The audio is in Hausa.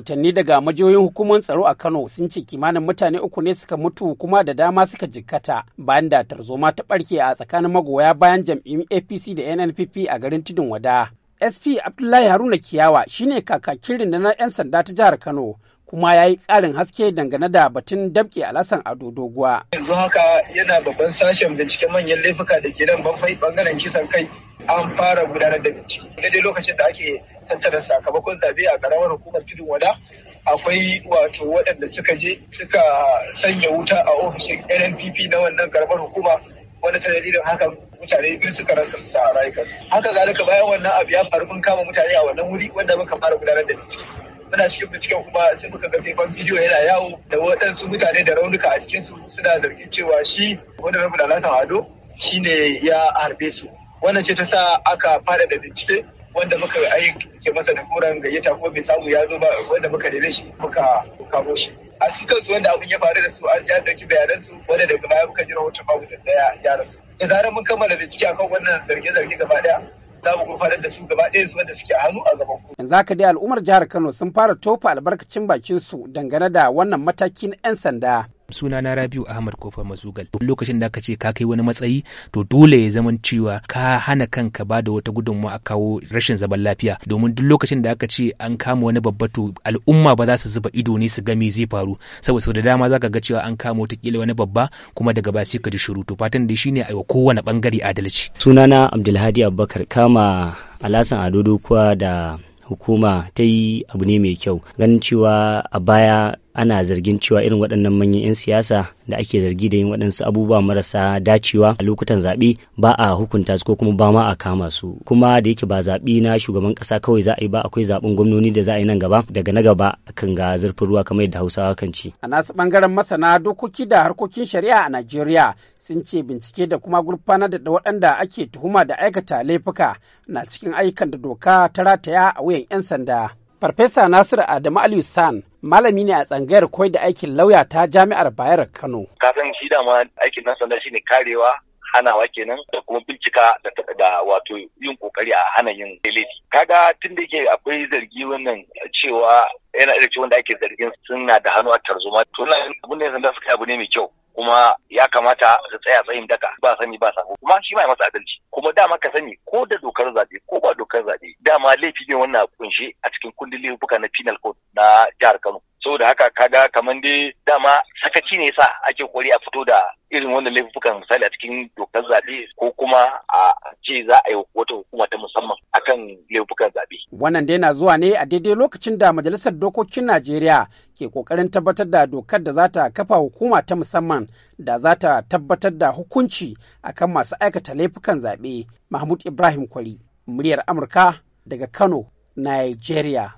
rahotanni daga majiyoyin hukumar tsaro a Kano sun ce kimanin mutane uku ne suka mutu kuma da dama suka jikkata bayan da tarzoma ta barke a tsakanin magoya bayan jam'iyyun APC da NNPP a garin Tudun Wada. SP Abdullahi Haruna Kiyawa shine kakakin na 'yan sanda ta jihar Kano kuma ya yi ƙarin haske dangane da batun a alasan ado doguwa. Yanzu haka yana babban sashen binciken manyan laifuka da ke nan bangaren kisan kai an fara gudanar da bincike daidai lokacin da ake tattara sakamakon zabe a karamar hukumar tudun wada akwai wato waɗanda suka je suka sanya wuta a ofishin nnpp na wannan karamar hukuma wanda ta dalilin haka mutane biyu suka rasa rayukansu haka zalika bayan wannan abu ya faru mun kama mutane a wannan wuri wanda muka fara gudanar da bincike muna cikin binciken kuma sai muka ga faifan bidiyo yana yawo da waɗansu mutane da raunuka a su suna zargin cewa shi wanda rabu da lasan ado shine ya harbe su wannan ce ta sa aka fara da bincike wanda muka ke masa da koran gayyata ko bai samu ya zo ba wanda muka dare shi muka kamo shi a su wanda abin ya faru da su an ya dauki bayanan su wanda daga baya muka ji rahoton babu da daya ya rasu da zarar mun kammala bincike akan wannan zarge-zarge gaba daya za mu gurfanar da su gaba daya su wanda suke a hannu a gaban ku. Yanzu haka dai al'ummar jihar Kano sun fara tofa albarkacin bakin su dangane da wannan matakin 'yan sanda. suna na Rabiu Ahmad Kofar Mazugal lokacin da aka ce ka kai wani matsayi to dole ya zaman cewa ka hana kanka ba da wata gudunmawa a kawo rashin zaman lafiya domin duk lokacin da aka ce an kama wani babba to al'umma ba za su zuba ido ne su ga me zai faru saboda sau da dama zaka ga cewa an kama wata kila wani babba kuma daga ba sai ka ji shiru to fatan da shine a kowane bangare adalci sunana Abdulhadi Abubakar kama Alasan Adodo kuwa da hukuma ta yi abu ne mai kyau ganin cewa a baya ana zargin cewa irin waɗannan manyan 'yan siyasa da ake zargi da yin waɗansu abubuwa marasa dacewa a lokutan zaɓe ba a hukunta su ko kuma ba ma a kama su kuma da yake ba zaɓi na shugaban ƙasa kawai za a yi ba akwai zaɓen gwamnoni da za a yi nan gaba daga na gaba kan ga zurfin ruwa kamar yadda hausawa kan ci. a nasu ɓangaren masana dokoki da harkokin shari'a a najeriya sun ce bincike da kuma gurfana da waɗanda ake tuhuma da aikata laifuka na cikin ayyukan da doka ta rataya a wuyan 'yan sanda. Farfesa Nasiru Adamu Aliyu San malami ne a tsangayar koyar da aikin lauya ta Jami'ar Bayar Kano. Kafin shi dama aikin nasa shi shine karewa hanawa kenan da kuma bincika da wato yin kokari a hana yin laifi. Kaga tun da yake akwai zargi wannan cewa yana da wanda ake zargin suna da hannu a tarzoma to na abun ne da suka abu ne mai kyau kuma ya kamata su tsaya tsayin daka ba sani ba sako kuma shi ma ya masa adalci kuma dama ka sani ko da dokar zabe ko ba dokar zaɓe dama laifi ne wannan kunshe a cikin kundin laifuka na penal code na jihar Kano saboda haka kaga kamar dai dama sakaci ne sa ake kori a fito da irin wannan laifukan misali a cikin dokar zabe ko kuma a ce za a yi wata hukuma ta musamman akan laifukan zaɓe Wannan dai na zuwa ne a daidai lokacin da Majalisar Dokokin Najeriya ke ƙoƙarin tabbatar da dokar da za ta kafa hukuma ta musamman da za ta tabbatar da hukunci akan masu aikata laifukan zaɓe. Mahmud Ibrahim Kwari, muryar Amurka daga Kano, Nigeria.